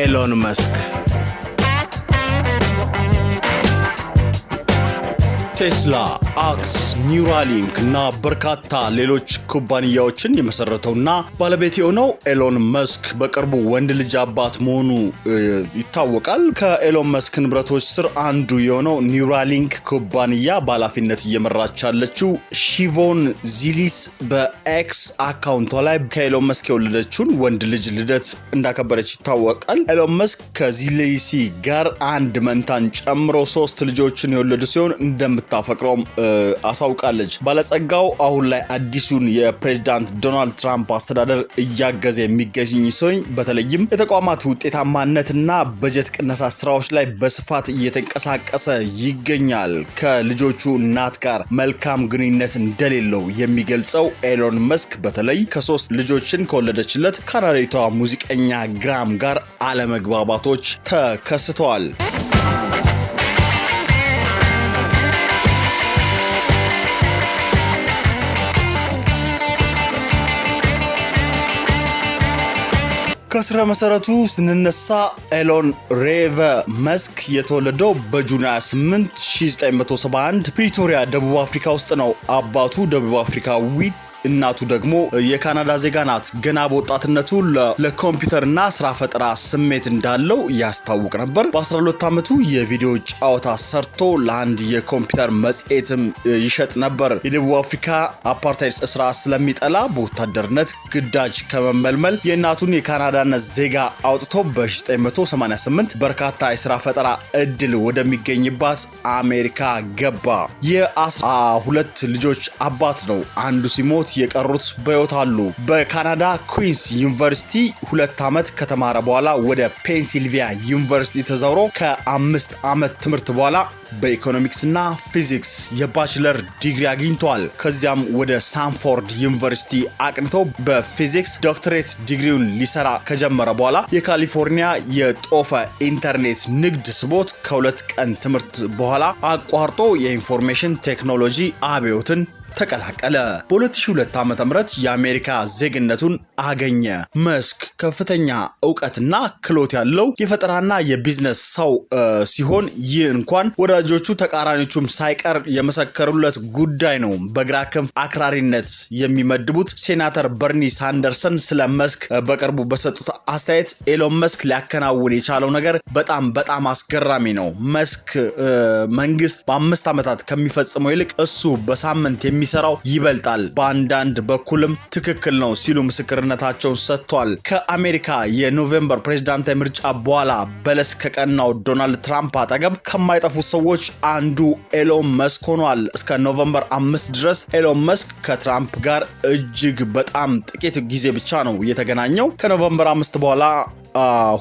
ኤሎን መስክ ቴስላ አክስ፣ ኒውራሊንክ እና በርካታ ሌሎች ኩባንያዎችን የመሰረተውና ባለቤት የሆነው ኤሎን መስክ በቅርቡ ወንድ ልጅ አባት መሆኑ ይታወቃል። ከኤሎን መስክ ንብረቶች ስር አንዱ የሆነው ኒውራሊንክ ኩባንያ በኃላፊነት እየመራች ያለችው ሺቮን ዚሊስ በኤክስ አካውንቷ ላይ ከኤሎን መስክ የወለደችውን ወንድ ልጅ ልደት እንዳከበረች ይታወቃል። ኤሎን መስክ ከዚሊሲ ጋር አንድ መንታን ጨምሮ ሶስት ልጆችን የወለዱ ሲሆን እንደምታፈቅረውም አሳውቃለች። ባለጸጋው አሁን ላይ አዲሱን የፕሬዚዳንት ዶናልድ ትራምፕ አስተዳደር እያገዘ የሚገኝ ሰኝ በተለይም የተቋማት ውጤታማነትና በጀት ቅነሳ ስራዎች ላይ በስፋት እየተንቀሳቀሰ ይገኛል። ከልጆቹ እናት ጋር መልካም ግንኙነት እንደሌለው የሚገልጸው ኤሎን መስክ በተለይ ከሶስት ልጆችን ከወለደችለት ካናዳዊቷ ሙዚቀኛ ግራም ጋር አለመግባባቶች ተከስተዋል። ከስረ መሰረቱ ስንነሳ ኤሎን ሬቨ መስክ የተወለደው በጁን 28 1971 ፕሪቶሪያ ደቡብ አፍሪካ ውስጥ ነው። አባቱ ደቡብ አፍሪካዊት እናቱ ደግሞ የካናዳ ዜጋ ናት። ገና በወጣትነቱ ለኮምፒውተርና ስራ ፈጠራ ስሜት እንዳለው ያስታውቅ ነበር። በ12 ዓመቱ የቪዲዮ ጨዋታ ሰርቶ ለአንድ የኮምፒውተር መጽሔትም ይሸጥ ነበር። የደቡብ አፍሪካ አፓርታይድ ስራ ስለሚጠላ በወታደርነት ግዳጅ ከመመልመል የእናቱን የካናዳነት ዜጋ አውጥቶ በ 988 በርካታ የስራ ፈጠራ እድል ወደሚገኝባት አሜሪካ ገባ። የ ሁለት ልጆች አባት ነው። አንዱ ሲሞት የቀሩት በሕይወት አሉ። በካናዳ ኩዊንስ ዩኒቨርሲቲ ሁለት ዓመት ከተማረ በኋላ ወደ ፔንሲልቪያ ዩኒቨርሲቲ ተዛውሮ ከአምስት ዓመት ትምህርት በኋላ በኢኮኖሚክስና ፊዚክስ የባችለር ዲግሪ አግኝተዋል። ከዚያም ወደ ሳንፎርድ ዩኒቨርሲቲ አቅንተው በፊዚክስ ዶክትሬት ዲግሪውን ሊሰራ ከጀመረ በኋላ የካሊፎርኒያ የጦፈ ኢንተርኔት ንግድ ስቦት ከሁለት ቀን ትምህርት በኋላ አቋርጦ የኢንፎርሜሽን ቴክኖሎጂ አብዮትን ተቀላቀለ። በ2002 ዓ ም የአሜሪካ ዜግነቱን አገኘ። መስክ ከፍተኛ እውቀትና ክሎት ያለው የፈጠራና የቢዝነስ ሰው ሲሆን ይህ እንኳን ወዳጆቹ ተቃራኒዎቹም ሳይቀር የመሰከሩለት ጉዳይ ነው። በግራ ክንፍ አክራሪነት የሚመድቡት ሴናተር በርኒ ሳንደርሰን ስለ መስክ በቅርቡ በሰጡት አስተያየት ኤሎን መስክ ሊያከናውን የቻለው ነገር በጣም በጣም አስገራሚ ነው። መስክ መንግስት በአምስት ዓመታት ከሚፈጽመው ይልቅ እሱ በሳምንት የሚ እንደሚሰራው ይበልጣል፣ በአንዳንድ በኩልም ትክክል ነው ሲሉ ምስክርነታቸውን ሰጥቷል። ከአሜሪካ የኖቬምበር ፕሬዝዳንታዊ ምርጫ በኋላ በለስ ከቀናው ዶናልድ ትራምፕ አጠገብ ከማይጠፉ ሰዎች አንዱ ኤሎን መስክ ሆኗል። እስከ ኖቬምበር አምስት ድረስ ኤሎን መስክ ከትራምፕ ጋር እጅግ በጣም ጥቂት ጊዜ ብቻ ነው የተገናኘው። ከኖቬምበር አምስት በኋላ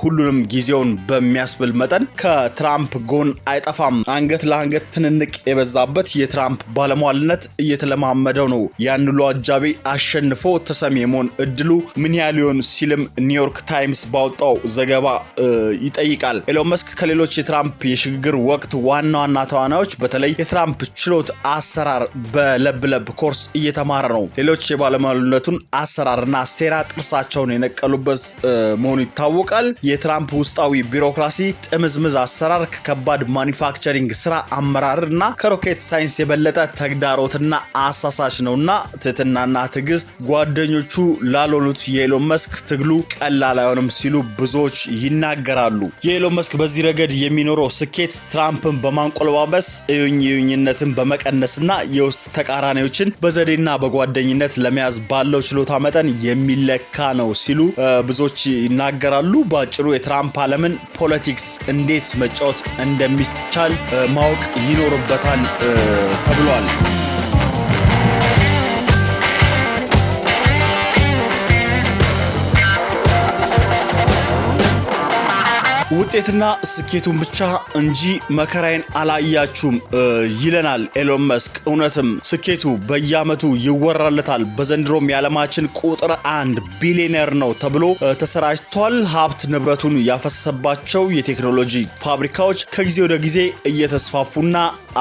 ሁሉንም ጊዜውን በሚያስብል መጠን ከትራምፕ ጎን አይጠፋም። አንገት ለአንገት ትንንቅ የበዛበት የትራምፕ ባለሟልነት እየተለማመደው ነው። ያን ሁሉ አጃቢ አሸንፎ ተሰሚ የመሆን እድሉ ምን ያህል ይሆን ሲልም ኒውዮርክ ታይምስ ባወጣው ዘገባ ይጠይቃል። ኤሎን መስክ ከሌሎች የትራምፕ የሽግግር ወቅት ዋና ዋና ተዋናዮች በተለይ የትራምፕ ችሎት አሰራር በለብለብ ኮርስ እየተማረ ነው። ሌሎች የባለሟልነቱን አሰራርና ሴራ ጥርሳቸውን የነቀሉበት መሆኑ ይታወቅ ይታወቃል። የትራምፕ ውስጣዊ ቢሮክራሲ ጥምዝምዝ አሰራር ከከባድ ማኒፋክቸሪንግ ስራ አመራርና ከሮኬት ሳይንስ የበለጠ ተግዳሮትና አሳሳች ነውና ትህትናና ትዕግስት ጓደኞቹ ላልሆኑት የኤሎን መስክ ትግሉ ቀላል አይሆንም ሲሉ ብዙዎች ይናገራሉ። የኤሎን መስክ በዚህ ረገድ የሚኖረው ስኬት ትራምፕን በማንቆለባበስ እዩኝ እዩኝነትን በመቀነስና የውስጥ ተቃራኒዎችን በዘዴና በጓደኝነት ለመያዝ ባለው ችሎታ መጠን የሚለካ ነው ሲሉ ብዙዎች ይናገራሉ። ይችላሉ። በአጭሩ የትራምፕ ዓለምን ፖለቲክስ እንዴት መጫወት እንደሚቻል ማወቅ ይኖርበታል ተብሏል። ውጤትና ስኬቱን ብቻ እንጂ መከራዬን አላያችሁም ይለናል ኤሎን መስክ። እውነትም ስኬቱ በየአመቱ ይወራለታል። በዘንድሮም የዓለማችን ቁጥር አንድ ቢሊዮነር ነው ተብሎ ተሰራጭቷል። ሀብት ንብረቱን ያፈሰሰባቸው የቴክኖሎጂ ፋብሪካዎች ከጊዜ ወደ ጊዜ እየተስፋፉና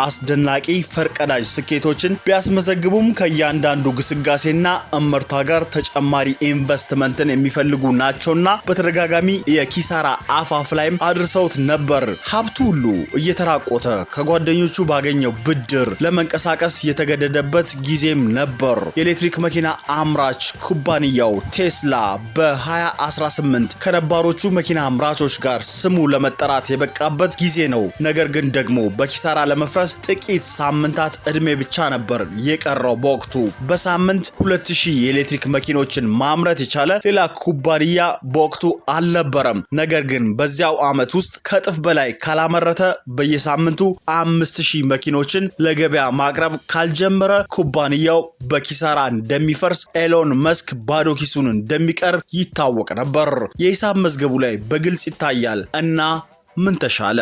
አስደናቂ ፈርቀዳጅ ስኬቶችን ቢያስመዘግቡም ከእያንዳንዱ ግስጋሴና እምርታ ጋር ተጨማሪ ኢንቨስትመንትን የሚፈልጉ ናቸውና በተደጋጋሚ የኪሳራ አፋፍ ላይም አድርሰውት ነበር። ሀብቱ ሁሉ እየተራቆተ ከጓደኞቹ ባገኘው ብድር ለመንቀሳቀስ የተገደደበት ጊዜም ነበር። የኤሌክትሪክ መኪና አምራች ኩባንያው ቴስላ በ2018 ከነባሮቹ መኪና አምራቾች ጋር ስሙ ለመጠራት የበቃበት ጊዜ ነው። ነገር ግን ደግሞ በኪሳራ ለመፍረስ ጥቂት ሳምንታት እድሜ ብቻ ነበር የቀረው። በወቅቱ በሳምንት 2000 የኤሌክትሪክ መኪኖችን ማምረት የቻለ ሌላ ኩባንያ በወቅቱ አልነበረም። ነገር ግን በዚያው ዓመት ውስጥ ከእጥፍ በላይ ካላመረተ በየሳምንቱ አምስት ሺህ መኪኖችን ለገበያ ማቅረብ ካልጀመረ ኩባንያው በኪሳራ እንደሚፈርስ ኤሎን መስክ ባዶ ኪሱን እንደሚቀርብ ይታወቅ ነበር። የሂሳብ መዝገቡ ላይ በግልጽ ይታያል እና ምን ተሻለ?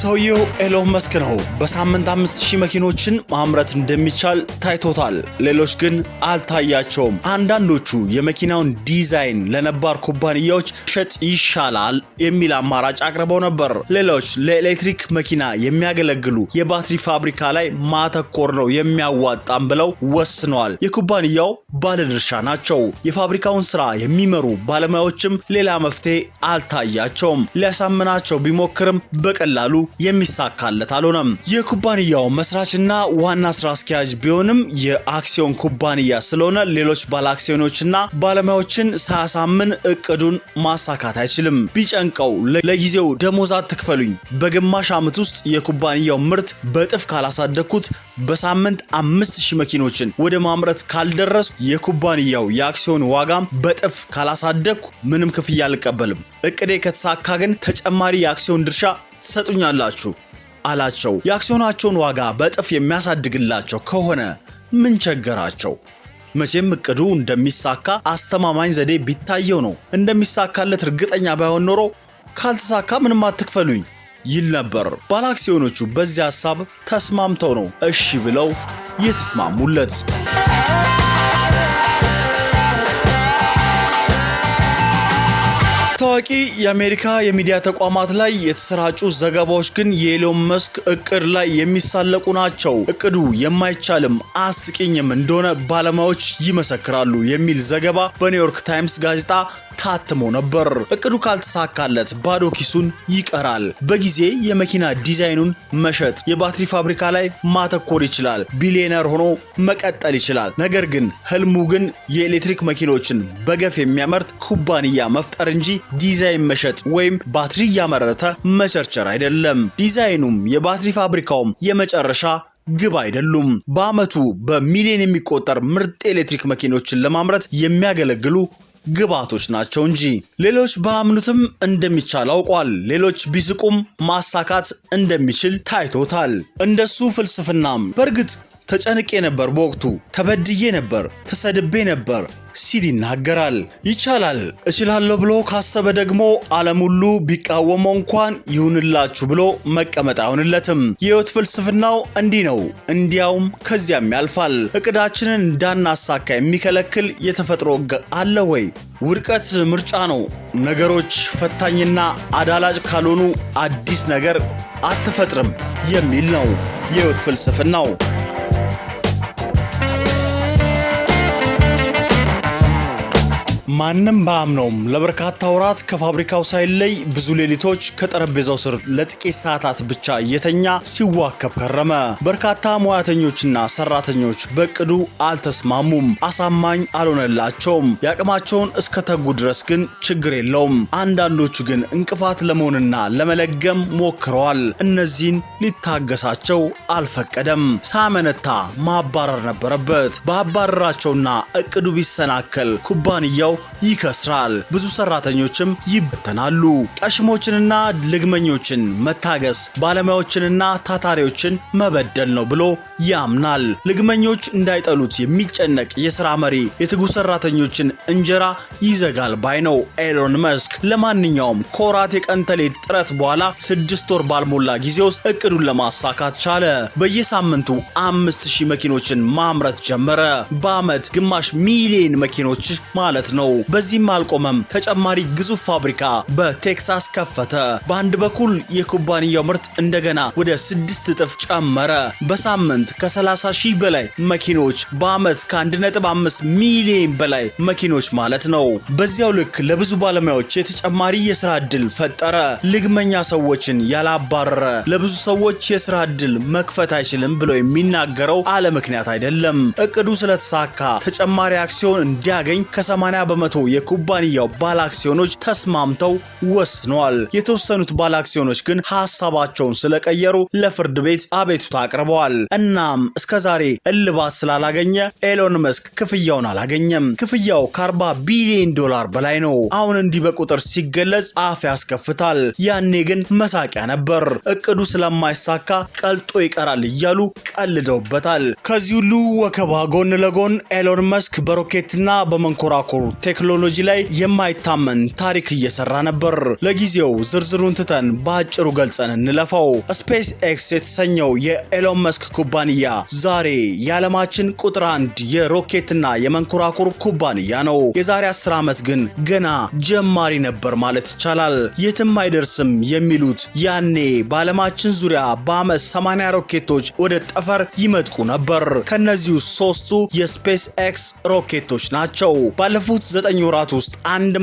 ሰውየው ኤሎን መስክ ነው። በሳምንት 5000 መኪኖችን ማምረት እንደሚቻል ታይቶታል። ሌሎች ግን አልታያቸውም። አንዳንዶቹ የመኪናውን ዲዛይን ለነባር ኩባንያዎች ሸጥ ይሻላል የሚል አማራጭ አቅርበው ነበር። ሌሎች ለኤሌክትሪክ መኪና የሚያገለግሉ የባትሪ ፋብሪካ ላይ ማተኮር ነው የሚያዋጣም ብለው ወስነዋል። የኩባንያው ባለድርሻ ናቸው። የፋብሪካውን ስራ የሚመሩ ባለሙያዎችም ሌላ መፍትሄ አልታያቸውም። ሊያሳምናቸው ቢሞክርም በቀላሉ የሚሳካለት አልሆነም። የኩባንያው መስራችና ዋና ስራ አስኪያጅ ቢሆንም የአክሲዮን ኩባንያ ስለሆነ ሌሎች ባለአክሲዮኖችና ባለሙያዎችን ሳያሳምን እቅዱን ማሳካት አይችልም። ቢጨንቀው ለጊዜው ደሞዝ አትክፈሉኝ፣ በግማሽ ዓመት ውስጥ የኩባንያው ምርት በጥፍ ካላሳደግኩት፣ በሳምንት አምስት ሺህ መኪኖችን ወደ ማምረት ካልደረሱ፣ የኩባንያው የአክሲዮን ዋጋም በጥፍ ካላሳደግኩ ምንም ክፍያ አልቀበልም። እቅዴ ከተሳካ ግን ተጨማሪ የአክሲዮን ድርሻ ትሰጡኛላችሁ አላቸው። የአክሲዮናቸውን ዋጋ በእጥፍ የሚያሳድግላቸው ከሆነ ምን ቸገራቸው? መቼም እቅዱ እንደሚሳካ አስተማማኝ ዘዴ ቢታየው ነው። እንደሚሳካለት እርግጠኛ ባይሆን ኖሮ ካልተሳካ ምንም አትክፈሉኝ ይል ነበር። ባለአክሲዮኖቹ በዚህ ሐሳብ ተስማምተው ነው እሺ ብለው የተስማሙለት። ታዋቂ የአሜሪካ የሚዲያ ተቋማት ላይ የተሰራጩ ዘገባዎች ግን የኤሎን መስክ እቅድ ላይ የሚሳለቁ ናቸው። እቅዱ የማይቻልም አስቂኝም እንደሆነ ባለሙያዎች ይመሰክራሉ የሚል ዘገባ በኒውዮርክ ታይምስ ጋዜጣ ታትሞ ነበር። እቅዱ ካልተሳካለት ባዶ ኪሱን ይቀራል። በጊዜ የመኪና ዲዛይኑን መሸጥ፣ የባትሪ ፋብሪካ ላይ ማተኮር ይችላል። ቢሊዮነር ሆኖ መቀጠል ይችላል። ነገር ግን ህልሙ ግን የኤሌክትሪክ መኪኖችን በገፍ የሚያመርት ኩባንያ መፍጠር እንጂ ዲዛይን መሸጥ ወይም ባትሪ እያመረተ መቸርቸር አይደለም። ዲዛይኑም የባትሪ ፋብሪካውም የመጨረሻ ግብ አይደሉም። በአመቱ በሚሊዮን የሚቆጠር ምርጥ ኤሌክትሪክ መኪኖችን ለማምረት የሚያገለግሉ ግብዓቶች ናቸው እንጂ። ሌሎች ባያምኑትም እንደሚቻል አውቋል። ሌሎች ቢስቁም ማሳካት እንደሚችል ታይቶታል። እንደሱ ፍልስፍናም በእርግጥ ተጨንቄ ነበር፣ በወቅቱ ተበድዬ ነበር፣ ተሰድቤ ነበር ሲል ይናገራል። ይቻላል እችላለሁ ብሎ ካሰበ ደግሞ ዓለም ሁሉ ቢቃወመው እንኳን ይሁንላችሁ ብሎ መቀመጥ አይሆንለትም። የህይወት ፍልስፍናው እንዲህ ነው፣ እንዲያውም ከዚያም ያልፋል። እቅዳችንን እንዳናሳካ የሚከለክል የተፈጥሮ አለ ወይ? ውድቀት ምርጫ ነው። ነገሮች ፈታኝና አዳላጭ ካልሆኑ አዲስ ነገር አትፈጥርም የሚል ነው የህይወት ፍልስፍናው። ማንም ባያምነውም ለበርካታ ወራት ከፋብሪካው ሳይለይ ብዙ ሌሊቶች ከጠረጴዛው ስር ለጥቂት ሰዓታት ብቻ እየተኛ ሲዋከብ ከረመ። በርካታ ሙያተኞችና ሰራተኞች በእቅዱ አልተስማሙም፣ አሳማኝ አልሆነላቸውም። የአቅማቸውን እስከ ተጉ ድረስ ግን ችግር የለውም። አንዳንዶቹ ግን እንቅፋት ለመሆንና ለመለገም ሞክረዋል። እነዚህን ሊታገሳቸው አልፈቀደም። ሳመነታ ማባረር ነበረበት። ባባረራቸውና እቅዱ ቢሰናከል ኩባንያው ይከስራል። ብዙ ሰራተኞችም ይበተናሉ። ቀሽሞችንና ልግመኞችን መታገስ ባለሙያዎችንና ታታሪዎችን መበደል ነው ብሎ ያምናል። ልግመኞች እንዳይጠሉት የሚጨነቅ የሥራ መሪ የትጉህ ሰራተኞችን እንጀራ ይዘጋል ባይ ነው ኤሎን መስክ። ለማንኛውም ከወራት የቀንተሌ ጥረት በኋላ ስድስት ወር ባልሞላ ጊዜ ውስጥ እቅዱን ለማሳካት ቻለ። በየሳምንቱ አምስት ሺህ መኪኖችን ማምረት ጀመረ። በዓመት ግማሽ ሚሊዮን መኪኖች ማለት ነው። ነው። በዚህም አልቆመም። ተጨማሪ ግዙፍ ፋብሪካ በቴክሳስ ከፈተ። በአንድ በኩል የኩባንያው ምርት እንደገና ወደ ስድስት እጥፍ ጨመረ። በሳምንት ከ30 ሺህ በላይ መኪኖች፣ በአመት ከ1.5 ሚሊዮን በላይ መኪኖች ማለት ነው። በዚያው ልክ ለብዙ ባለሙያዎች የተጨማሪ የስራ እድል ፈጠረ። ልግመኛ ሰዎችን ያላባረረ ለብዙ ሰዎች የስራ እድል መክፈት አይችልም ብሎ የሚናገረው አለ ምክንያት አይደለም። እቅዱ ስለተሳካ ተጨማሪ አክሲዮን እንዲያገኝ ከ80 በመቶ የኩባንያው ባለ አክሲዮኖች ተስማምተው ወስነዋል። የተወሰኑት ባለ አክሲዮኖች ግን ሀሳባቸውን ስለቀየሩ ለፍርድ ቤት አቤቱታ አቅርበዋል። እናም እስከዛሬ እልባት ስላላገኘ ኤሎን መስክ ክፍያውን አላገኘም። ክፍያው ከ40 ቢሊዮን ዶላር በላይ ነው። አሁን እንዲህ በቁጥር ሲገለጽ አፍ ያስከፍታል። ያኔ ግን መሳቂያ ነበር። እቅዱ ስለማይሳካ ቀልጦ ይቀራል እያሉ ቀልደውበታል። ከዚህ ሁሉ ወከባ ጎን ለጎን ኤሎን መስክ በሮኬትና በመንኮራኮሩ ቴክኖሎጂ ላይ የማይታመን ታሪክ እየሰራ ነበር። ለጊዜው ዝርዝሩን ትተን በአጭሩ ገልጸን እንለፈው። ስፔስ ኤክስ የተሰኘው የኤሎን መስክ ኩባንያ ዛሬ የዓለማችን ቁጥር አንድ የሮኬትና የመንኮራኩር ኩባንያ ነው። የዛሬ 10 ዓመት ግን ገና ጀማሪ ነበር ማለት ይቻላል። የትም አይደርስም የሚሉት ያኔ በዓለማችን ዙሪያ በአመት 80 ሮኬቶች ወደ ጠፈር ይመጥቁ ነበር። ከነዚሁ ሶስቱ የስፔስ ኤክስ ሮኬቶች ናቸው። ባለፉት በ ወራት ውስጥ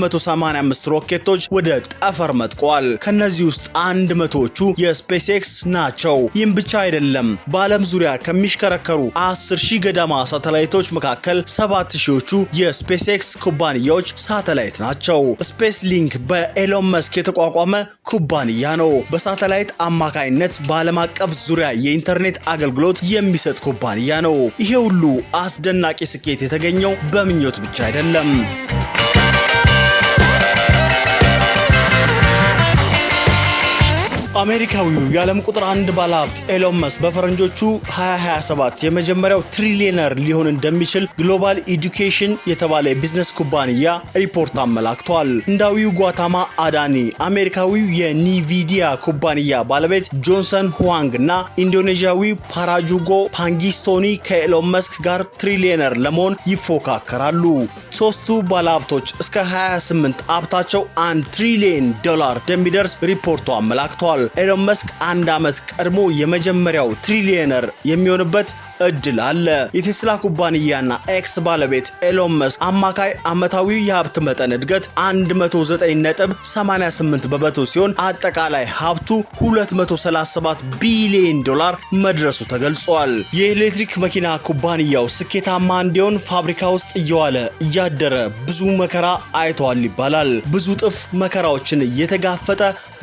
185 ሮኬቶች ወደ ጠፈር መጥቀዋል። ከነዚህ ውስጥ 100ዎቹ የስፔስ ኤክስ ናቸው። ይህም ብቻ አይደለም። በዓለም ዙሪያ ከሚሽከረከሩ 10 ሺህ ገዳማ ሳተላይቶች መካከል 7 ሺዎቹ የስፔስ ኤክስ ኩባንያዎች ሳተላይት ናቸው። ስፔስ ሊንክ በኤሎን መስክ የተቋቋመ ኩባንያ ነው። በሳተላይት አማካይነት በዓለም አቀፍ ዙሪያ የኢንተርኔት አገልግሎት የሚሰጥ ኩባንያ ነው። ይሄ ሁሉ አስደናቂ ስኬት የተገኘው በምኞት ብቻ አይደለም። Thank you. አሜሪካዊው የዓለም ቁጥር አንድ ባለሀብት ኤሎን መስክ በፈረንጆቹ 2027 የመጀመሪያው ትሪሊየነር ሊሆን እንደሚችል ግሎባል ኢዱኬሽን የተባለ የቢዝነስ ኩባንያ ሪፖርት አመላክቷል። ህንዳዊው ጓታማ አዳኒ፣ አሜሪካዊው የኒቪዲያ ኩባንያ ባለቤት ጆንሰን ሁዋንግ እና ኢንዶኔዥያዊው ፓራጁጎ ፓንጊስቶኒ ከኤሎን መስክ ጋር ትሪሊየነር ለመሆን ይፎካከራሉ። ሶስቱ ባለሀብቶች እስከ 28 ሀብታቸው አንድ ትሪሊየን ዶላር እንደሚደርስ ሪፖርቱ አመላክቷል። ኤሎን መስክ አንድ ዓመት ቀድሞ የመጀመሪያው ትሪሊየነር የሚሆንበት እድል አለ። የቴስላ ኩባንያና ኤክስ ባለቤት ኤሎን መስክ አማካይ ዓመታዊ የሀብት መጠን እድገት 109.88 በመቶ ሲሆን አጠቃላይ ሀብቱ 237 ቢሊዮን ዶላር መድረሱ ተገልጿል። የኤሌክትሪክ መኪና ኩባንያው ስኬታማ እንዲሆን ፋብሪካ ውስጥ እየዋለ እያደረ ብዙ መከራ አይተዋል ይባላል። ብዙ ጥፍ መከራዎችን እየተጋፈጠ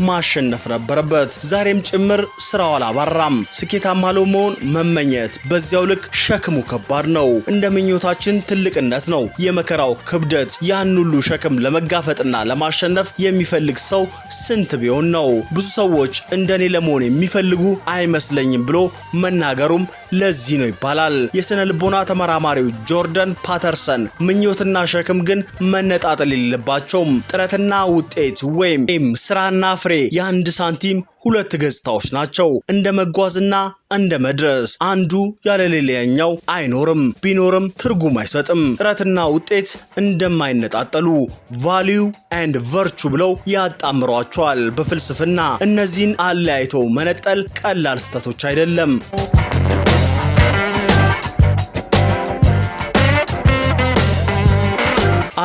ማሸነፍ ነበረበት። ዛሬም ጭምር ስራው አላባራም። ስኬታማ ለመሆን መመኘት በ በዚያው ልክ ሸክሙ ከባድ ነው። እንደ ምኞታችን ትልቅነት ነው የመከራው ክብደት። ያን ሁሉ ሸክም ለመጋፈጥና ለማሸነፍ የሚፈልግ ሰው ስንት ቢሆን ነው? ብዙ ሰዎች እንደኔ ለመሆን የሚፈልጉ አይመስለኝም ብሎ መናገሩም ለዚህ ነው ይባላል። የስነ ልቦና ተመራማሪው ጆርደን ፓተርሰን ምኞትና ሸክም ግን መነጣጠል የሌለባቸውም ጥረትና ውጤት ወይም ስራና ፍሬ የአንድ ሳንቲም ሁለት ገጽታዎች ናቸው። እንደ መጓዝና እንደ መድረስ አንዱ ያለ ሌላኛው አይኖርም፣ ቢኖርም ትርጉም አይሰጥም። ጥረትና ውጤት እንደማይነጣጠሉ ቫሊዩ ኤንድ ቨርቹ ብለው ያጣምሯቸዋል በፍልስፍና። እነዚህን አለያይቶ መነጠል ቀላል ስህተቶች አይደለም።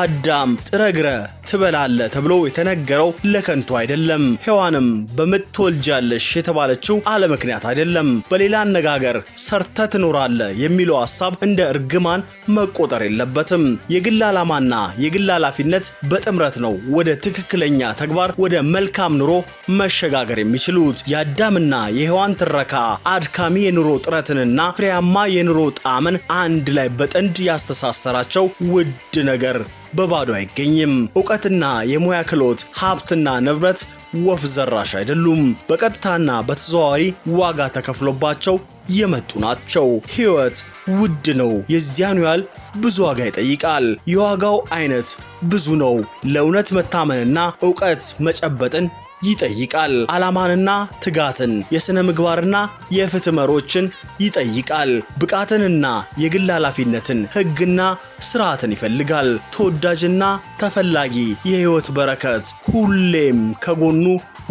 አዳም ጥረግረ ትበላለ ተብሎ የተነገረው ለከንቱ አይደለም። ሔዋንም በምጥ የተባለችው የተባለችው ምክንያት አይደለም። በሌላ አነጋገር ሰርተ ትኖራለ የሚለው ሀሳብ እንደ እርግማን መቆጠር የለበትም። የግል ዓላማና የግል ኃላፊነት በጥምረት ነው ወደ ትክክለኛ ተግባር ወደ መልካም ኑሮ መሸጋገር የሚችሉት። የአዳምና የሔዋን ትረካ አድካሚ የኑሮ ጥረትንና ፍሬያማ የኑሮ ጣዕምን አንድ ላይ በጥንድ ያስተሳሰራቸው ውድ ነገር በባዶ አይገኝም። እውቀት እውቀትና የሙያ ክህሎት፣ ሀብትና ንብረት ወፍ ዘራሽ አይደሉም። በቀጥታና በተዘዋዋሪ ዋጋ ተከፍሎባቸው የመጡ ናቸው። ህይወት ውድ ነው። የዚያኑ ያህል ብዙ ዋጋ ይጠይቃል። የዋጋው አይነት ብዙ ነው። ለእውነት መታመንና እውቀት መጨበጥን ይጠይቃል። ዓላማንና ትጋትን፣ የሥነ ምግባርና የፍትህ መሮችን ይጠይቃል። ብቃትንና የግል ኃላፊነትን፣ ሕግና ስርዓትን ይፈልጋል። ተወዳጅና ተፈላጊ የሕይወት በረከት ሁሌም ከጎኑ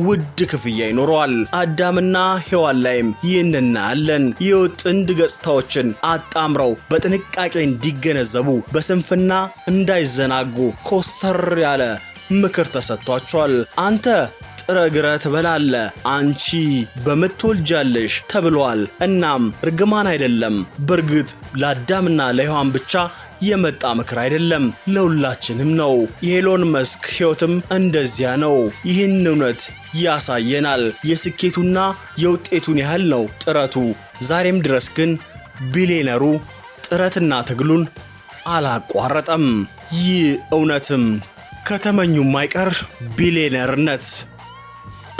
ውድ ክፍያ ይኖረዋል። አዳምና ሔዋን ላይም ይህን እናያለን። የሕይወት ጥንድ ገጽታዎችን አጣምረው በጥንቃቄ እንዲገነዘቡ፣ በስንፍና እንዳይዘናጉ ኮስተር ያለ ምክር ተሰጥቷቸዋል። አንተ ጥረ ግረ ትበላለ አንቺ በምትወልጃለሽ ተብሏል። እናም እርግማን አይደለም። በእርግጥ ለአዳምና ለሔዋን ብቻ የመጣ ምክር አይደለም፣ ለሁላችንም ነው። የኤሎን መስክ ሕይወትም እንደዚያ ነው። ይህን እውነት ያሳየናል። የስኬቱና የውጤቱን ያህል ነው ጥረቱ። ዛሬም ድረስ ግን ቢሊየነሩ ጥረትና ትግሉን አላቋረጠም። ይህ እውነትም ከተመኙ ማይቀር ቢሊየነርነት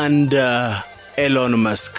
እንደ ኤሎን መስክ